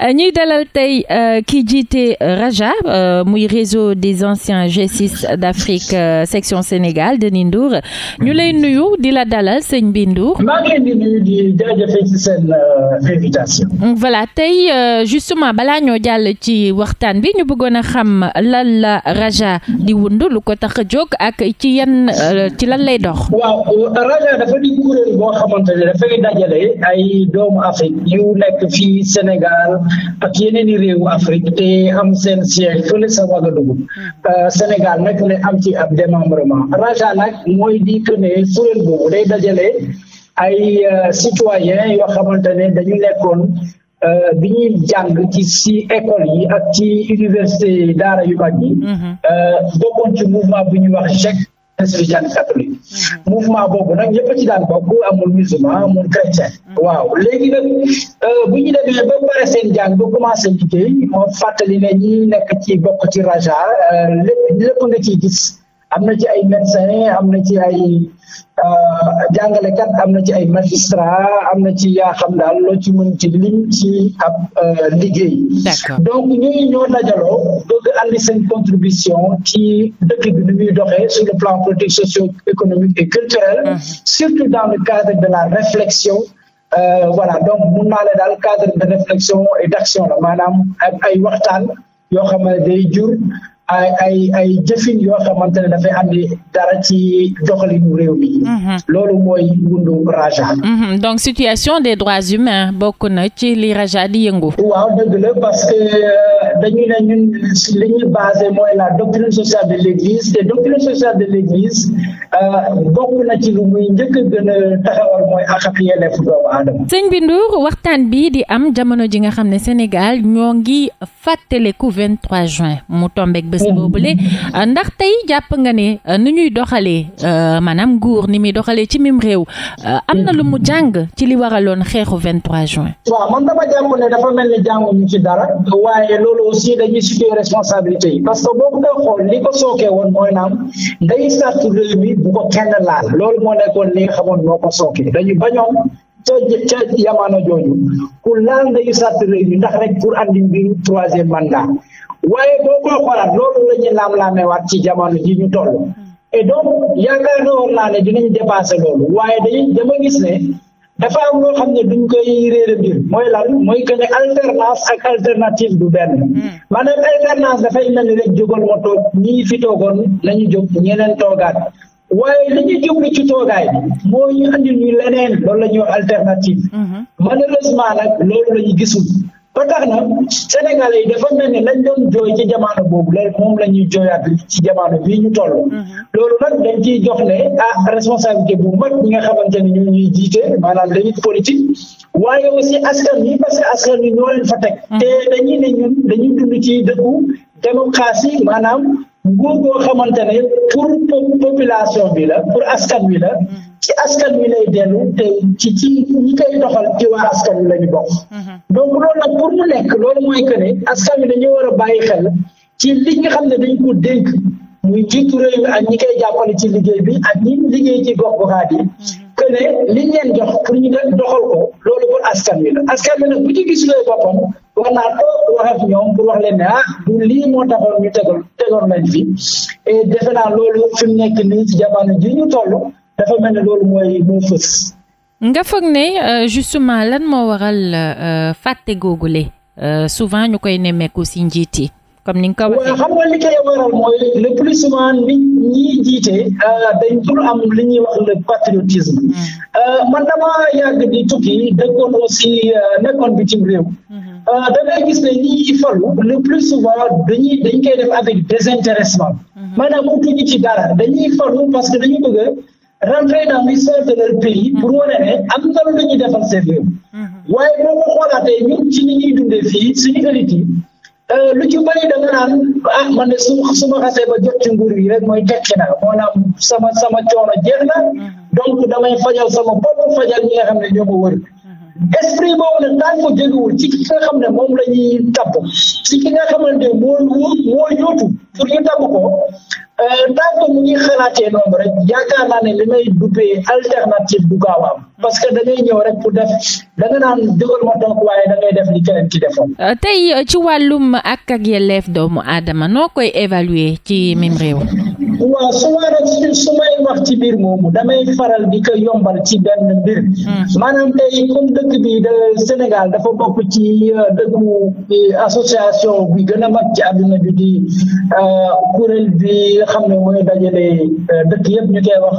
Euh, ñuy dalal tey euh, ki jiite euh, Raja muy réseau des anciens G6 d'Afrique section Sénégal Denis Ndour ñu lay nuyu di la dalal sëñ bi Ndour. di nuyu di jaajëfee ci seen invitation. Mm, voilà tey justement balaa ñoo jàll ci waxtaan bi ñu bëggoon a xam lan la Raja di wund lu ko tax a ak ci yan ci lan lay dox. ak yeneen i réewu Afrique te am seen siège fële sa Ouagadougou hmm. euh, Sénégal nag ne am ci ab démembrement Raja nag mooy di que ne kuréel boobu day dajale ay euh, citoyens yoo xamante ne dañu nekkoon euh, bi ñuy jàng ci si école yi ak ci université daara yu mag yi hmm. bokkoon ci mouvement bu ñuy wax GEC religion catholique mm-hmm. mouvement boobu nag ñëpp ci daan amul musulman amul chrétien mm-hmm. waaw léegi nag euh, bu ñu demee ba pare seen jàng ba commencé liggéey moo fàttali ne ñi nekk ci bokk ci raja euh, lépp lépp nga ci gis am na ci ay médecins am na ci ay euh, jàngalekat am na ci ay magistrat am na ci yaa xam daal loo ci mën ci lim ci ab euh, liggéey. donc ñooñu ñoo dajaloo bëgg andi seen contribution ci dëkk bi nu muy doxe sur le plan politique socio-économique et culturel. Mmh. surtout dans le cadre de la réflexion. Euh, donc mun naa la daal cadre de réflexion et d'action la maanaam ay waxtaan yoo xam ne ay ay ay jëfin yoo xamante ne dafay dara ci doxalinu réew mi. Mhm. loolu mooy wundu Raja. Mhm. donc situation des droits humains bokk na ci li Raja di yëngu. waaw dëgg la parce que euh, dañu ne ñun li mooy la doctrine sociale de l'Église doctrine sociale de l'Église euh, bokk ci lu muy njëkk a gën taxawal mooy àq ak doomu aadama. sëñ bi waxtaan bi di am jamono ji nga xam ne Sénégal ñoo ngi fàttaliku 23 juin mu tombé. bés boobule mm-hmm. ndax tey jàpp nga ne euh, ni ñuy doxalee euh, maanaam nguur ni muy doxalee ci mim réew euh, am na lu mu jàng ci li waraloon xeexu 23 juin. waaw man dama jàpp ne dafa mel ni jànguñu ci dara waaye loolu aussi dañuy situer responsabilité yi parce que boobu nga xool li ko sookee woon mooy naam day sart réew mi bu ko kenn laal loolu moo nekkoon li nga xamoon moo ko sookee dañu bañoon ca ca yamaano jooju ku laal ndeyu sart réew mi ndax rek pour andi mbiru troisième waaye boo ko xoolaat loolu la ñuy laam-laamewaat ci jamono ji ñu toll et donc yaakaar na woon naa ne dinañ dépassé loolu waaye dañuy dama gis ne dafa loo xam ne duñ koy réere mooy lan mooy que ne ak alternative du benn hmm. maanaam alternance dafay mel ni rek jógal ma toog ñii fi toogoon nañu jóg ñeneen toogaat waaye li ñu ci toogaay bi moo ñu andil ñu leneen loolu la ñuy wax alternative hmm. malheureusement nag loolu la ñu ba tax na Sénégalais yi dafa mel ni lañ doon jooy ci jamono boobu léegi moom la ñuy jooyaat ci jamono bii ñu toll. Mhm. loolu nag dañ ciy jox ne ah responsabilité bu mag ñi nga xamante ni ñoo ñuy jiite maanaam dañuy politique waaye si askan wi parce que askan wi ñoo leen fa teg. Mhm. te dañuy ne ñun dañuy dund ci dëkku démocratie maanaam nguur goo xamante ne pour population bi la pour askan wi la. Mhm. ci askan wi lay dellu te ci ci ñi koy doxal ci waa askan wi lañu ñu bokk. Mhm. donc loolu nag pour mu nekk loolu mooy que ne askan wi dañu war a bàyyi xel ci li nga xam ne dañ ko dénk muy jiitu réew mi ak ñi koy jàppale ci liggéey bi ak liggéey ci gox goxaat mhm. que ne liñ leen jox pour ñu doxal ko loolu pour askan wi la askan wi nag bu ci gisulee boppam war naa toog wax ak ñoom pour wax leen ne ah du lii moo taxoon ñu tegal tegoon leen fi et defe naa loolu fi mu nekk nii ci jamono ji ñu toll. dafa mel loolu mooy moo fës. nga foog ne euh, justement lan moo waral euh, fàtte googule euh, souvent ñu koy nemmeeku si njiit yi comme ni nga ko waxee. waaw waral mooy le plus souvent nit ñi jiite dañ dul am li ñuy wax le patriotisme. Mm. man dama yàgg di tukki mm-hmm. da ngay gis ne ñi dañ koy def avec désintéressement. Mm-hmm. maanaam mu tuñu ci dara dañuy falu parce que dañu bëgg. rentrer dans l'histoire de leur pays mm-hmm. pour wane ne am na lu ñuy defal seen réew mm-hmm. waaye boo ko xoolaatee ñun ci ni dundee fii suñu élite euh, yi lu ci bëri da nga naan ah man de su su ma ba jot ci nguur yi rek mooy tekki na maanaam sama sama coono jeex na mm-hmm. donc damay fajal sama bopp fajal ñi nga xam ne ñoo ma wër esprit boobu nag daan ko jógewul ci ki nga xam ne moom la ñuy tabb ci ki nga xamante moo moo yóotu pour ñu tabb ko Euh, tant que mu ngi xalaatee noonu rek yaakaar naa ne li may duppee alternative du gaaw parce que da ñëw rek pour def da naan jógal ma waaye da def li keneen ki defoon. Euh, tey ci wàllum ak ak yelleef doomu aadama noo koy évaluer ci mim réew. waaw su ma la su may wax ci biir moomu damay faral di ko yombal ci benn mbir. Hmm. maanaam tey comme dëkk bi de Sénégal dafa bokk ci euh, dëkku euh, association bi gën a mag ci àdduna bi di euh, kuréel bi xam ne mooy dajale dëkk yëpp ñu koy wax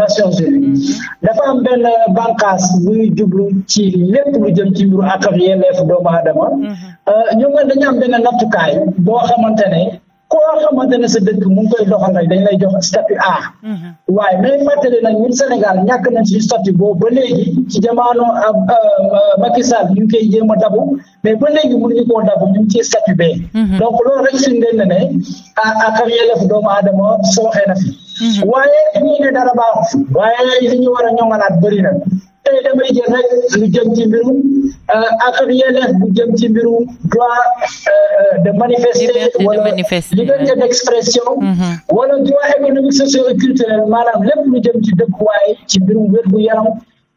Nations Unies hmm. dafa am benn bànqaas buy jublu ci lépp lu jëm ci mbiru àq ak doomu aadama hmm. ñoom dañu am benn nattukaay boo xamante ne. koo xamante ne sa dëkk mu ngi koy doxal rek dañ lay jox statut A mhm. waaye même matali nag ñun Sénégal ñàkk nañ ci statut boobu ba léegi ci jamono euh, euh, Macky Sall ñu ma koy jéem a dabu mais ba léegi mënuñu koo dabu ñu ngi ci statut B mhm. donc loolu rek suñ leen ne ne ak ak yelleef doomu aadama sooxee na fi mhm. waaye ñii ne dara baaxu waaye li ñu war a ñoŋalaat bëri na tey damay jël rek lu jëm ci mbirum Euh, ak bu jëm ci mbiru droit euh, de manifester wala liberté d'expression mhm. wala droit économique social et culturel maanaam lépp lu jëm ci dëkkuwaay ci mbirum wér gu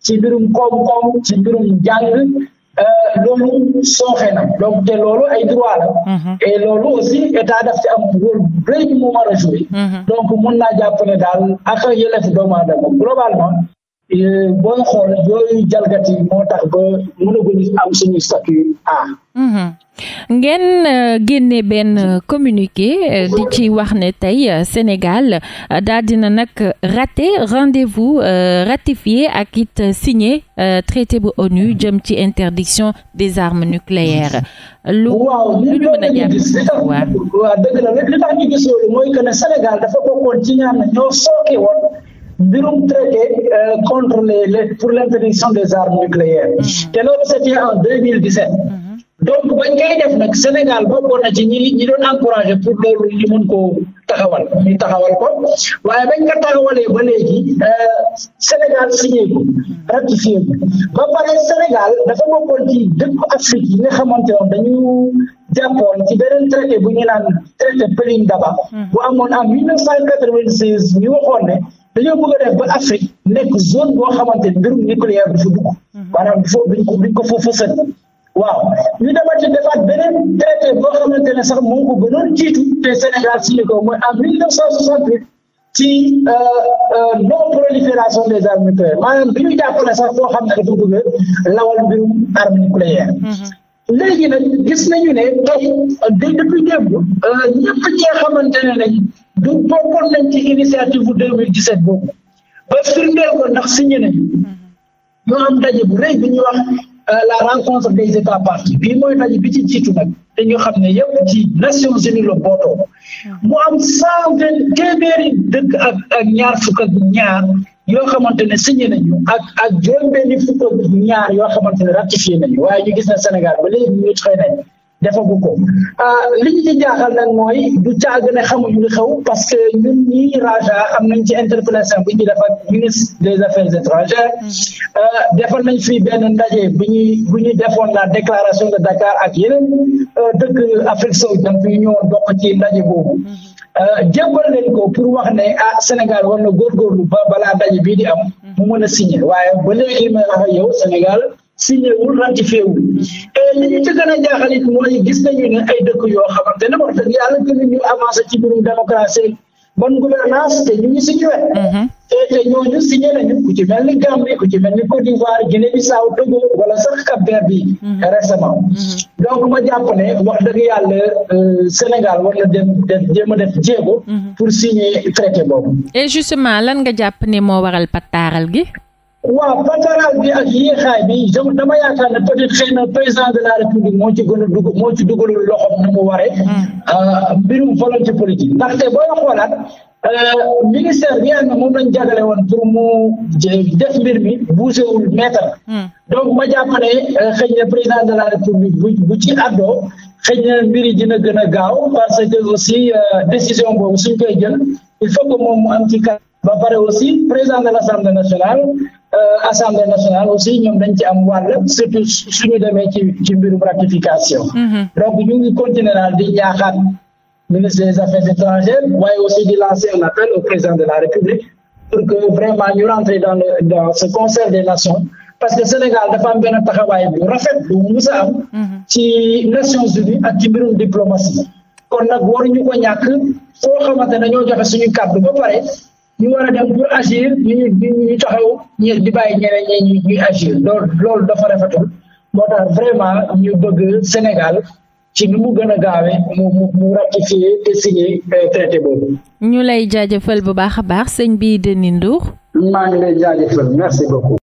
ci mbirum koom-koom ci mbirum jàng euh, loolu sooxe na donc te loolu ay droit la mhm. et loolu aussi état daf ci am rôle rëy bu a jouer mhm. donc mun naa jàpp ne daal ak yelleef doomu aadama globalement booy xool yooyu jalgati mhm. ngeen euh, génne benn communiqué euh, di ci wax ne tey euh, Sénégal daal dina nag raté rendez-vous ratifié ak it signé traité bu ONU jëm ci interdiction des armes nucléaires. lu lu ñu mën a jàpp waaw waaw li tax ñu gis loolu mooy que Sénégal dafa bokkoon ci ñaar ñoo sooke woon. mbirum traité euh, contre les pour l'interdiction des armes nucléaires mm-hmm. te loolu c'était en 2017 mm-hmm. donc bañ koy def nag Sénégal bokkoon na ci ñi ñi doon encouragé pour loolu ñu mun ko taxawal ñu taxawal ko waaye bañ ko taxawalee ba léegi euh, Sénégal signé ko ratifié ko ba pare Sénégal dafa bokkoon ci dëkk Afrique yi nga xamante woon dañu jàppoon ci beneen traité bu ñu naan traité Pelindaba mm-hmm. bu amoon en 1996 ñu waxoon ne dañoo bëgg a ba Afrique nekk zone boo xamante ni mbirum nucléaire du fa dugg mhm. maanaam du fa duñ ko duñ ko fa fësal waaw ñu demaat ci defaat beneen traité xamante ne sax moo ko gënoon jiitu te Sénégal signé ko mooy en mille neuf cent soixante huit ci euh, euh, non prolifération des armes nucléaires maanaam bi ñu jàpp ne sax foo xam ne dafa bëgg lawal mbirum arme nucléaire mhm. léegi nag gis nañu ne tey day depuis démb euh, ñëpp ñi nga xamante ne nañ du bokkoon nañ ci initiative bu 2017 boobu ba firndeel ko ndax signé nañ ñu mm-hmm. am daje bu rëy bi euh, la rencontre des états parties bii mooy daje bi ci jiitu nag te ñu xam ne yëpp ci Nations Unies la bootoo mm-hmm. mu am cent vingt téeméeri dëkk ak ak ñaar fukk ak ñaar yoo xamante ne signé nañu ak ak juróom-benni fukk ñaar yoo xamante ne ratifié nañu waaye ñu gis na Sénégal ba ñu xëy nañ defagu ko ah, li ñu ci jaaxal nag mooy du caag ne xamuñu li xew parce que ñun ñii Raja am nañ ci interpellation bu ñu def ak ministre des affaires étrangères mm-hmm. ah, defal nañ fii benn ndaje bu ñuy bu ñuy defoon la déclaration de Dakar ak yeneen euh, dëkk Afrique sowu jant yi ñëwoon dox ci ndaje boobu. Mm-hmm. Euh, jébbal leen ko pour wax ne a ah, Sénégal war na góorgóorlu ba balaa daje bii di am mm-hmm. mu mën a signé waaye ba léegi may wax yow Sénégal si wul ratifié wul mm-hmm. et li ñu ci gën a jaaxal it mooy gis nañu ne ay dëkk yoo xamante ne wax dëgg yàlla gën ñu avancé ci mbirum démocratie bonne gouvernance te ñu ngi suñu wet mhm. te te ñooñu signé nañu ku ci mel ni Gambie ku ci mel ni Côte d'Ivoire Bissau Togo wala sax Cap Vert bi mhm. récemment mhm. donc ma jàpp ne wax dëgg yàlla euh, Sénégal war na dem def a def jéego pour signer traité boobu et justement lan nga jàpp ne moo waral pataaral gi waaw patronage bi ak yéexaay bi dama yaakaar ne peut être xëy na président de la république moo ci gën a dugg moo ci dugalul loxoom na mu waree. Hmm. Euh, mbirum volonté politique ndaxte booy xoolaat euh, ministère bi nga moom lañ jagale woon pour mu def mbir mi bougé wul mètre. Hmm. donc ma jàpp ne euh, na président de la république bu bu ci àddoo xëy na mbir yi dina gën a gaaw parce que aussi décision boobu suñ koy jël il faut que moom am ci kàddu ba pare aussi président de l' assemblée nationale. Euh, assemblée nationale aussi ñoom dañ ci am wàll surtout suñu demee ci ci mbirum ratification. Mhm. donc ñu ngi continuer daal di ñaaxaat ministre des affaires étrangères waaye aussi di lancer un au président de la république pour que vraiment ñu rentrer dans ce concert des nations. parce que Sénégal dafa am benn taxawaay bu rafet bu mus a am. Mhm. ci Nations Unies ak ci mbirum diplomatie. kon nag waruñu ko ñàkk foo xamante ne dañoo joxe suñu kàddu ba pare. ñu war a dem pour agir ñu ñu taxaw ñu di bàyyi ñeneen ñi ñuy agir loolu loolu dafa rafetul moo tax vraiment ñu bëgg Sénégal ci ni mu gën a gaawe mu mu mu ratifier te signer euh, boobu. ñu lay jaajëfal bu baax a baax sëñ bi Denis Ndour. maa ngi lay jaajëfal merci beaucoup.